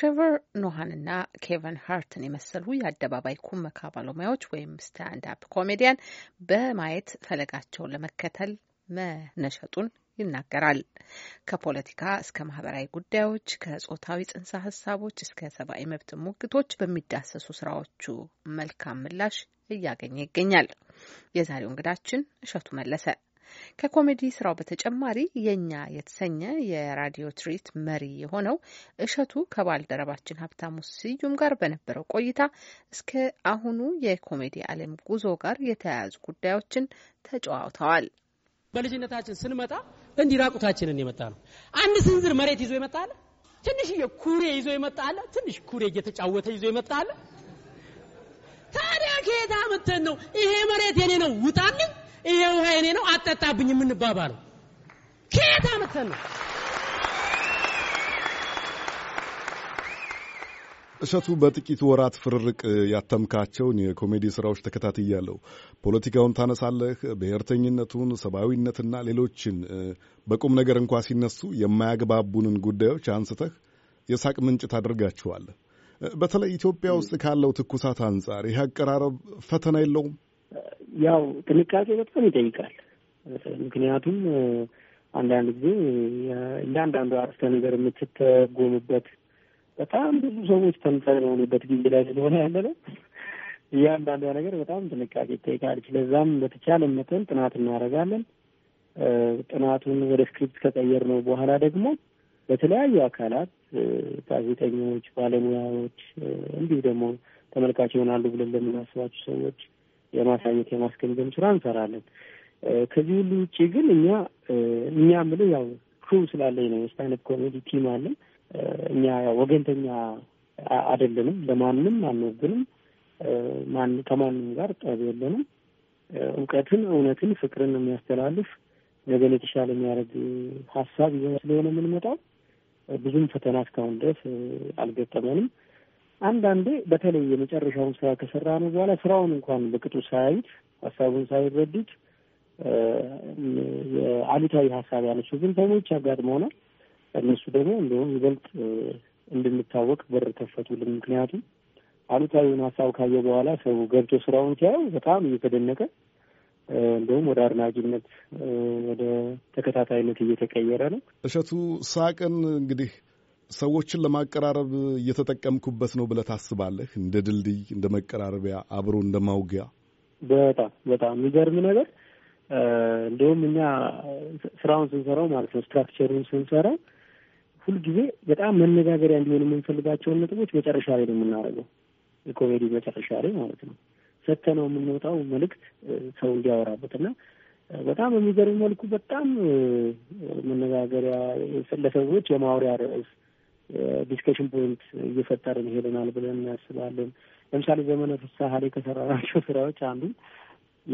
ትሬቨር ኖሃንና ኬቨን ሃርትን የመሰሉ የአደባባይ ኩመካ ባለሙያዎች ወይም ስታንድ አፕ ኮሜዲያን በማየት ፈለጋቸውን ለመከተል መነሸጡን ይናገራል። ከፖለቲካ እስከ ማህበራዊ ጉዳዮች፣ ከጾታዊ ጽንሰ ሀሳቦች እስከ ሰብአዊ መብት ሙግቶች በሚዳሰሱ ስራዎቹ መልካም ምላሽ እያገኘ ይገኛል። የዛሬው እንግዳችን እሸቱ መለሰ ከኮሜዲ ስራው በተጨማሪ የእኛ የተሰኘ የራዲዮ ትርኢት መሪ የሆነው እሸቱ ከባልደረባችን ሀብታሙ ስዩም ጋር በነበረው ቆይታ እስከ አሁኑ የኮሜዲ ዓለም ጉዞ ጋር የተያያዙ ጉዳዮችን ተጨዋውተዋል። በልጅነታችን ስንመጣ እንዲህ ራቁታችንን የመጣ ነው። አንድ ስንዝር መሬት ይዞ ይመጣል። ትንሽ የኩሬ ይዞ ይመጣል። ትንሽ ኩሬ እየተጫወተ ይዞ ይመጣል። ታዲያ ከየት አምጥተን ነው ይሄ መሬት የኔ ነው ውጣልኝ ይሄ ውሃ የኔ ነው አጠጣብኝ የምንባባለው ከየት አመተን ነው? እሸቱ በጥቂት ወራት ፍርርቅ ያተምካቸውን የኮሜዲ ስራዎች ተከታትያለሁ። ፖለቲካውን ታነሳለህ፣ ብሔርተኝነቱን፣ ሰብአዊነትና ሌሎችን በቁም ነገር እንኳ ሲነሱ የማያግባቡንን ጉዳዮች አንስተህ የሳቅ ምንጭ ታደርጋችኋል። በተለይ ኢትዮጵያ ውስጥ ካለው ትኩሳት አንጻር ይህ አቀራረብ ፈተና የለውም? ያው ጥንቃቄ በጣም ይጠይቃል። ምክንያቱም አንዳንድ ጊዜ እንዳንዳንዱ አረፍተ ነገር የምትተጎምበት በጣም ብዙ ሰዎች ተምሳሌ የሆኑበት ጊዜ ላይ ስለሆነ ያለ ነው። እያንዳንዷ ነገር በጣም ጥንቃቄ ይጠይቃል። ስለዛም በተቻለ መጠን ጥናት እናደርጋለን። ጥናቱን ወደ ስክሪፕት ከቀየር ነው በኋላ ደግሞ በተለያዩ አካላት ጋዜጠኞች፣ ባለሙያዎች እንዲሁ ደግሞ ተመልካች ይሆናሉ ብለን ለምናስባቸው ሰዎች የማሳየት የማስገንዘብ ስራ እንሰራለን። ከዚህ ሁሉ ውጭ ግን እኛ እኛ የምልህ ያው ክሩ ስላለኝ ነው። ስታንፕ ኮሜዲ ቲም አለን። እኛ ያው ወገንተኛ አይደለንም። ለማንም አንወግንም። ማን ከማንም ጋር ጠብ የለንም። እውቀትን፣ እውነትን፣ ፍቅርን የሚያስተላልፍ ነገን የተሻለ የሚያደርግ ሀሳብ ስለሆነ የምንመጣው ብዙም ፈተና እስካሁን ድረስ አልገጠመንም። አንዳንዴ በተለይ የመጨረሻውን ስራ ከሰራ ነው በኋላ ስራውን እንኳን በቅጡ ሳያዩት ሀሳቡን ሳይረዱት የአሉታዊ ሀሳብ ያነሱ ግን ሰዎች አጋጥመውናል። እነሱ ደግሞ እንዲሁም ይበልጥ እንድንታወቅ በር ከፈቱልን። ምክንያቱም አሉታዊውን ሀሳብ ካየ በኋላ ሰው ገብቶ ስራውን ሲያዩ በጣም እየተደነቀ እንዲሁም ወደ አድናቂነት ወደ ተከታታይነት እየተቀየረ ነው። እሸቱ ሳቅን እንግዲህ ሰዎችን ለማቀራረብ እየተጠቀምኩበት ነው ብለህ ታስባለህ? እንደ ድልድይ፣ እንደ መቀራረቢያ፣ አብሮ እንደ ማውጊያ። በጣም በጣም የሚገርም ነገር እንደውም እኛ ስራውን ስንሰራው ማለት ነው ስትራክቸሩን ስንሰራው ሁልጊዜ በጣም መነጋገሪያ እንዲሆን የምንፈልጋቸውን ነጥቦች መጨረሻ ላይ ነው የምናደርገው። የኮሜዲ መጨረሻ ላይ ማለት ነው ሰተነው የምንወጣው መልእክት ሰው እንዲያወራበት እና በጣም የሚገርም መልኩ በጣም መነጋገሪያ ለሰዎች የማውሪያ ርዕስ ዲስከሽን ፖይንት እየፈጠርን ይሄደናል ብለን እናስባለን። ለምሳሌ ዘመነ ፍስሐ ላይ ከሰራናቸው ስራዎች አንዱ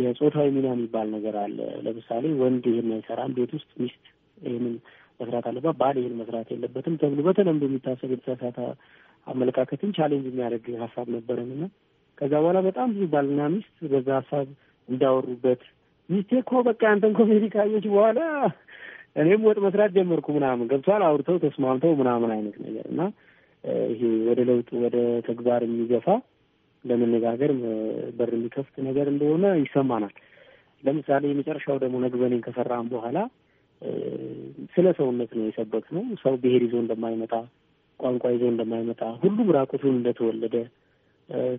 የጾታዊ ሚና የሚባል ነገር አለ። ለምሳሌ ወንድ ይህን አይሰራም፣ ቤት ውስጥ ሚስት ይህንን መስራት አለባት፣ ባል ይህን መስራት የለበትም ተብሎ በተለምዶ የሚታሰብ የተሳሳተ አመለካከትን ቻሌንጅ የሚያደርግ ሀሳብ ነበረን እና ከዛ በኋላ በጣም ብዙ ባልና ሚስት በዛ ሀሳብ እንዳወሩበት ሚስቴ እኮ በቃ ያንተን ኮሜዲ ካየች በኋላ እኔም ወጥ መስራት ጀመርኩ ምናምን ገብቷል። አውርተው ተስማምተው ምናምን አይነት ነገር እና ይሄ ወደ ለውጥ ወደ ተግባር የሚገፋ ለመነጋገር በር የሚከፍት ነገር እንደሆነ ይሰማናል። ለምሳሌ የመጨረሻው ደግሞ ነግበኔን ከሰራም በኋላ ስለ ሰውነት ነው የሰበክ ነው። ሰው ብሔር ይዞ እንደማይመጣ ቋንቋ ይዞ እንደማይመጣ ሁሉም ራቁቱን እንደተወለደ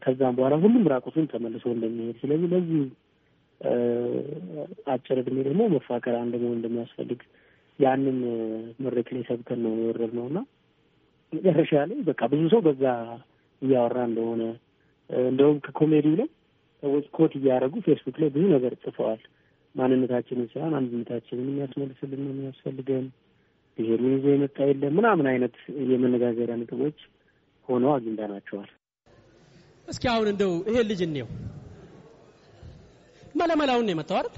ከዛም በኋላ ሁሉም ራቁቱን ተመልሶ እንደሚሄድ ስለዚህ ለዚህ አጭር እድሜ ደግሞ መፋከር አንድ መሆን እንደሚያስፈልግ ያንን መድረክ ላይ ሰብከን ነው የወረድነው እና መጨረሻ ላይ በቃ ብዙ ሰው በዛ እያወራ እንደሆነ እንደውም ከኮሜዲው ላይ ሰዎች ኮት እያደረጉ ፌስቡክ ላይ ብዙ ነገር ጽፈዋል። ማንነታችንን ሳይሆን አንድነታችንን የሚያስመልስልን ነው የሚያስፈልገን፣ ብሔሩን ይዞ የመጣ የለም ምናምን አይነት የመነጋገሪያ ነጥቦች ሆነው አግኝተናቸዋል። እስኪ አሁን እንደው ይሄን ልጅ እንየው። መለመላውን ነው የመጣው አይደል?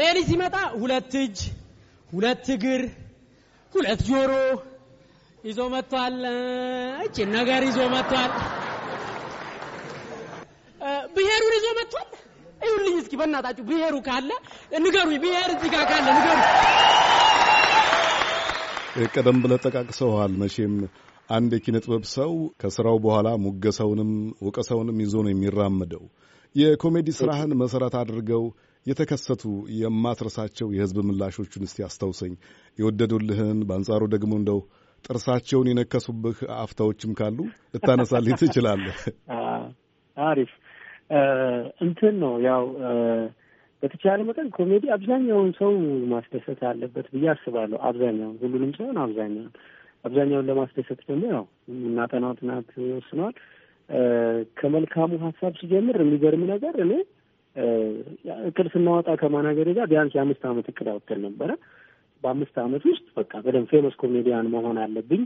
ይሄ ሲመጣ ሁለት እጅ፣ ሁለት እግር፣ ሁለት ጆሮ ይዞ መጥቷል። እቺን ነገር ይዞ መጥቷል። ብሔሩን ይዞ መጥቷል። ይሁልኝ እስኪ በእናታችሁ ብሔሩ ካለ ንገሩኝ። ብሔር እዚህ ጋር ካለ ንገሩኝ። ቀደም ብለህ ጠቃቅሰውሃል መቼም አንድ የኪነ ጥበብ ሰው ከስራው በኋላ ሙገሰውንም ወቀሰውንም ይዞ ነው የሚራመደው የኮሜዲ ስራህን መሰረት አድርገው የተከሰቱ የማትረሳቸው የህዝብ ምላሾቹን እስቲ አስታውሰኝ። የወደዱልህን፣ በአንጻሩ ደግሞ እንደው ጥርሳቸውን የነከሱብህ አፍታዎችም ካሉ ልታነሳልኝ ትችላለህ። አሪፍ እንትን ነው ያው በተቻለ መጠን ኮሜዲ አብዛኛውን ሰው ማስደሰት አለበት ብዬ አስባለሁ። አብዛኛውን ሁሉንም ሳይሆን አብዛኛውን አብዛኛውን ለማስደሰት ደግሞ ያው የምናጠናው ጥናት ወስኗል። ከመልካሙ ሀሳብ ሲጀምር የሚገርም ነገር እኔ እቅድ ስናወጣ ከማናገር ጋር ቢያንስ የአምስት ዓመት እቅድ አውጥተን ነበረ። በአምስት ዓመት ውስጥ በቃ በደንብ ፌመስ ኮሜዲያን መሆን አለብኝ፣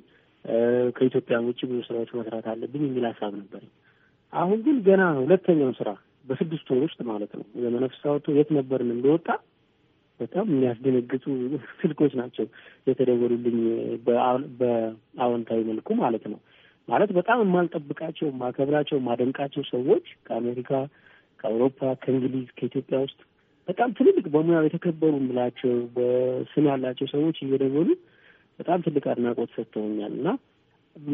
ከኢትዮጵያ ውጭ ብዙ ስራዎች መስራት አለብኝ የሚል ሀሳብ ነበረኝ። አሁን ግን ገና ሁለተኛው ስራ በስድስት ወር ውስጥ ማለት ነው የመነፍስ አወጥቶ የት ነበርን እንደወጣ በጣም የሚያስደነግጡ ስልኮች ናቸው የተደወሉልኝ፣ በአዎንታዊ መልኩ ማለት ነው። ማለት በጣም የማልጠብቃቸው የማከብራቸው የማደንቃቸው ሰዎች ከአሜሪካ ከአውሮፓ ከእንግሊዝ ከኢትዮጵያ ውስጥ በጣም ትልልቅ በሙያው የተከበሩ ምላቸው በስም ያላቸው ሰዎች እየደወሉ በጣም ትልቅ አድናቆት ሰጥተውኛል እና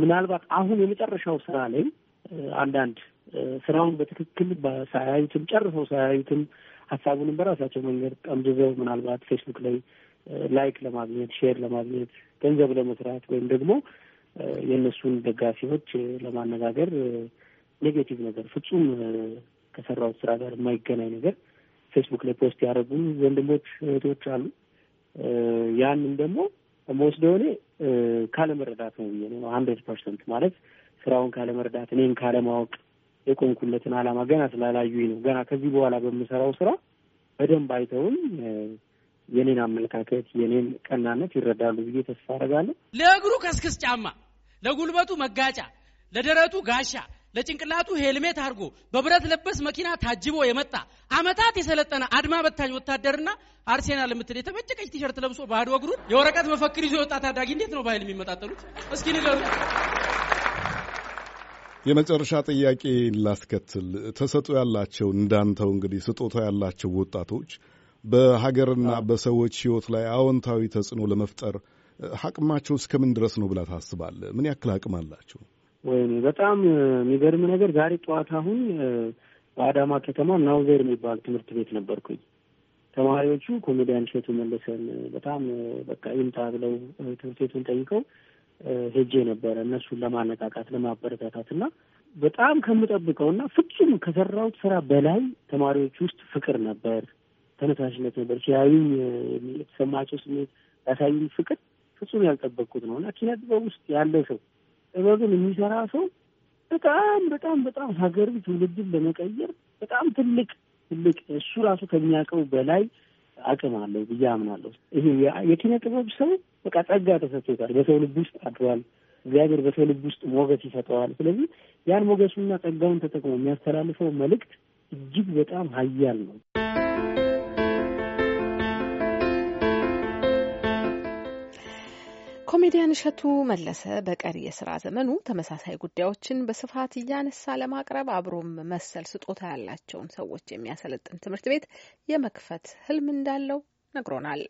ምናልባት አሁን የመጨረሻው ስራ ላይ አንዳንድ ስራውን በትክክል ሳያዩትም ጨርሰው ሳያዩትም ሀሳቡንም በራሳቸው መንገድ ጠምዝዘው ምናልባት ፌስቡክ ላይ ላይክ ለማግኘት ሼር ለማግኘት ገንዘብ ለመስራት ወይም ደግሞ የእነሱን ደጋፊዎች ለማነጋገር ኔጌቲቭ ነገር ፍጹም ከሰራው ስራ ጋር የማይገናኝ ነገር ፌስቡክ ላይ ፖስት ያደረጉ ወንድሞች እህቶች አሉ። ያንን ደግሞ መወስደ ሆኔ ካለመረዳት ነው ብዬ ነው ሀንድሬድ ፐርሰንት ማለት ስራውን ካለመረዳት እኔም ካለማወቅ የቆምኩለትን አላማ ገና ስላላዩኝ ነው። ገና ከዚህ በኋላ በምሰራው ስራ በደንብ አይተውን የኔን አመለካከት የኔን ቀናነት ይረዳሉ ብዬ ተስፋ አደርጋለሁ። ለእግሩ ከስክስ ጫማ፣ ለጉልበቱ መጋጫ፣ ለደረቱ ጋሻ ለጭንቅላቱ ሄልሜት አድርጎ በብረት ለበስ መኪና ታጅቦ የመጣ አመታት የሰለጠነ አድማ በታኝ ወታደርና አርሴናል የምትል የተበጨቀች ቲሸርት ለብሶ ባዶ እግሩን የወረቀት መፈክር ይዞ የወጣ ታዳጊ እንዴት ነው በኃይል የሚመጣጠሉት? እስኪ ንገሩ። የመጨረሻ ጥያቄ ላስከትል። ተሰጡ ያላቸው እንዳንተው እንግዲህ ስጦታ ያላቸው ወጣቶች በሀገርና በሰዎች ሕይወት ላይ አዎንታዊ ተጽዕኖ ለመፍጠር አቅማቸው እስከምን ድረስ ነው ብላ ታስባለ ምን ያክል አቅም አላቸው? ወይኔ በጣም የሚገርም ነገር ዛሬ ጠዋት አሁን በአዳማ ከተማ ናውዜር የሚባል ትምህርት ቤት ነበርኩኝ። ተማሪዎቹ ኮሜዲያን እሸቱ መለሰን በጣም በቃ ይምጣ ብለው ትምህርት ቤቱን ጠይቀው ሄጄ ነበረ እነሱን ለማነቃቃት ለማበረታታት እና በጣም ከምጠብቀው እና ፍጹም ከሰራሁት ስራ በላይ ተማሪዎች ውስጥ ፍቅር ነበር፣ ተነሳሽነት ነበር። ሲያዩኝ የተሰማቸው ስሜት ያሳዩኝ ፍቅር ፍጹም ያልጠበቅኩት ነው እና ኪነጥበብ ውስጥ ያለ ሰው ጥበብን የሚሰራ ሰው በጣም በጣም በጣም ሀገርን፣ ትውልድን ለመቀየር በጣም ትልቅ ትልቅ እሱ ራሱ ከሚያውቀው በላይ አቅም አለው ብዬ አምናለሁ። ይህ የኪነ ጥበብ ሰው በቃ ጸጋ ተሰጥቶታል። በሰው ልብ ውስጥ አድሯል። እግዚአብሔር በሰው ልብ ውስጥ ሞገስ ይሰጠዋል። ስለዚህ ያን ሞገሱና ጸጋውን ተጠቅሞ የሚያስተላልፈው መልእክት እጅግ በጣም ሀያል ነው። ኮሜዲያን እሸቱ መለሰ በቀሪ የስራ ዘመኑ ተመሳሳይ ጉዳዮችን በስፋት እያነሳ ለማቅረብ አብሮም መሰል ስጦታ ያላቸውን ሰዎች የሚያሰለጥን ትምህርት ቤት የመክፈት ህልም እንዳለው ነግሮናል።